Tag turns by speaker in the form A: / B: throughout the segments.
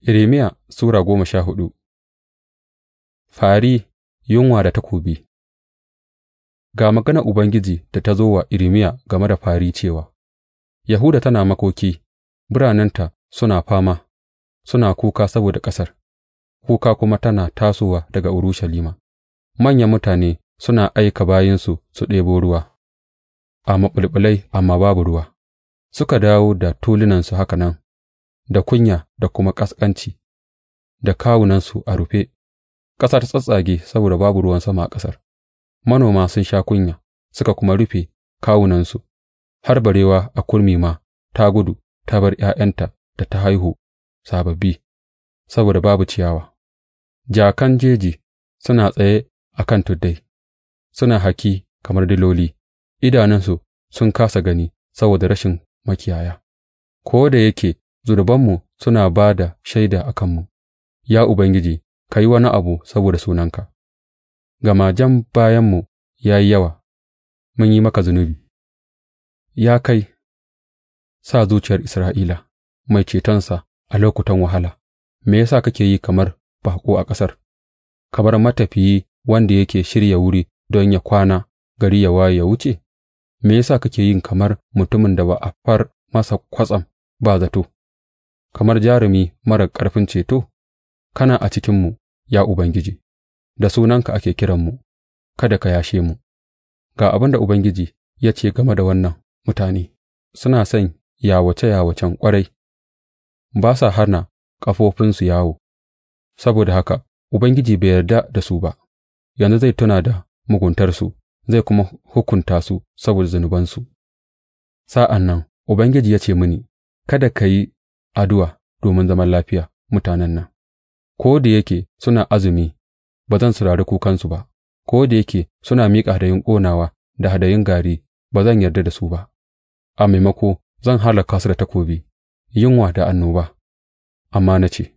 A: Irimiya Sura goma sha hudu Fari, yunwa da takobi Ga magana Ubangiji da ta zo wa Irimiya game da fari cewa, Yahuda tana makoki, biranenta suna fama, suna kuka saboda ƙasar, kuka kuma tana tasowa daga Urushalima, manyan mutane suna aika bayinsu su ɗebo ruwa a maɓulɓulai amma babu ruwa, suka dawo da tulunansu haka nan da kunya da kuma ƙasƙanci, da kawunansu a rufe, ƙasa ta tsattsage saboda babu ruwan sama a ƙasar, manoma sun sha kunya suka kuma rufe kawunansu, har barewa a kurmi ma ta gudu ta bar ’ya'yanta da ta haihu sababbi, saboda babu ciyawa. Jakan jeji suna tsaye a kan tuddai, suna haki kamar diloli, idanunsu sun kasa gani saboda rashin makiyaya, ko da yake zunubanmu suna ba da shaida a kanmu, ya Ubangiji, ka yi wani abu saboda sunanka, gama jan bayanmu ya yi yawa, mun yi maka zunubi, ya kai sa zuciyar Isra'ila, mai cetonsa a lokutan wahala, me yasa kake yi kamar baƙo a ƙasar, kamar matafiyi wanda yake shirya wuri don ya kwana gari ya waye ya wuce? Me yasa kake yin kamar mutumin da ba a far masa kwatsam ba zato? kamar jarumi marar ƙarfin ceto, kana a cikinmu, ya Ubangiji, da sunanka ake kiranmu, kada ka yashe mu. Ga abin da Ubangiji ya ce game da wannan mutane, suna son yawace-yawacen ƙwarai, ba sa hana ƙafofinsu yawo, saboda haka Ubangiji bai yarda da su ba, yanzu zai tuna da muguntarsu, zai kuma hukunta su saboda zunubansu. Sa'an nan Ubangiji ya ce mini, Kada ka yi addu'a domin zaman lafiya mutanen nan, ko da yake suna azumi, ba zan saurari kukansu ba, ko da yake suna miƙa hadayin ƙonawa da hadayin gari, ba zan yarda da su ba, a maimako zan halaka su da takobi, yunwa da annoba. Amma na ce,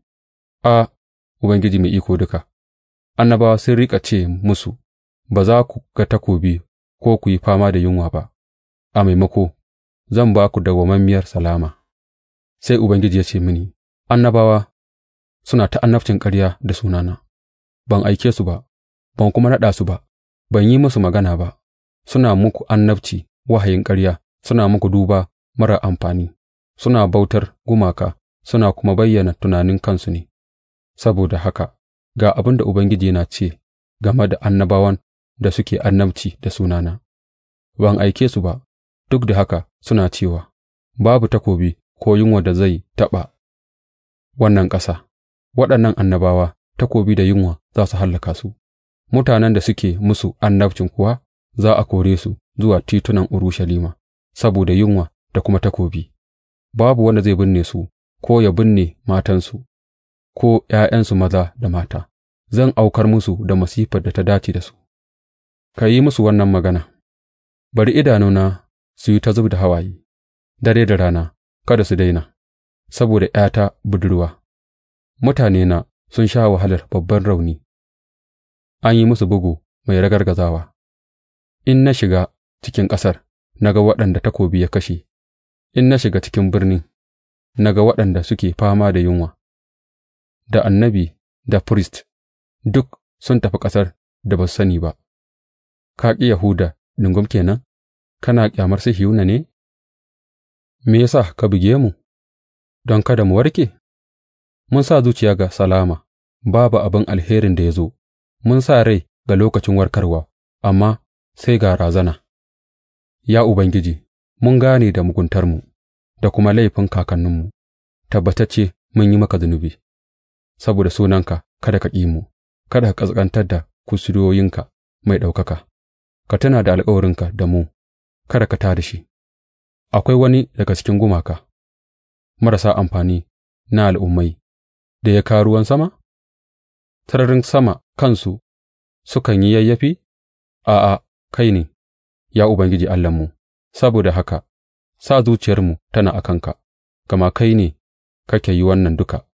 A: A, Ubangiji mai iko duka, annabawa sun riƙa ce musu, Ba za ku ga takobi ko ku yi fama da yunwa ba, a maimako, zan ba ku dawwamammiyar salama. Sai Ubangiji ya ce mini, Annabawa suna ta annabcin ƙarya da sunana, ban aike su ba, ban kuma naɗa su ba, ban yi musu magana ba, suna muku annabci wahayin ƙarya, suna muku duba mara amfani, suna bautar gumaka, suna kuma bayyana tunanin kansu ne. Saboda haka, ga abin da Ubangiji yana ce game da annabawan da suke annabci da sunana, ban aike su ba, duk da haka suna cewa, Babu takobi ko yunwa da zai taɓa wannan ƙasa, waɗannan annabawa takobi da yunwa za su hallaka su, mutanen da suke musu annabcin kuwa za a kore su zuwa titunan Urushalima saboda yunwa da kuma takobi, babu wanda zai binne su ko ya binne matansu ko ’ya'yansu maza da mata, zan aukar musu da masifar da ta dace da su. Ka yi musu wannan magana, bari idanuna su yi ta zub da hawaye, dare da rana kada su daina, saboda ’yata budurwa, mutanena sun sha wahalar babban rauni, an yi musu bugu mai ragargazawa, in na shiga cikin ƙasar, naga waɗanda takobi ya kashe, in na shiga cikin birnin, naga waɗanda suke fama da yunwa, da annabi da firist, duk sun tafi ƙasar da ba su sani ba, ka ƙi Yahuda ɗungum kenan, kana ƙyamar Sihiyona ne? Me ya sa ka buge mu, don kada mu warke? Mun sa zuciya ga salama, babu abin alherin da ya zo, mun sa rai ga lokacin warkarwa, amma sai ga razana. Ya Ubangiji, mun gane da muguntarmu da kuma laifin kakanninmu, tabbatacce mun yi maka zunubi, saboda sunanka kada ka ƙi mu, kada ka ƙasƙantar da kusuriyoyinka mai ɗaukaka, ka tuna da alkawarinka da mu, kada ka tā da shi. Akwai wani daga cikin gumaka marasa amfani na al'ummai da ya kawo ruwan sama, sararin sama kansu sukan yi yayyafi? A'a, kai ne, ya Ubangiji Allahnmu, saboda haka sa zuciyarmu tana a kanka, gama kai ne kake yi wannan duka.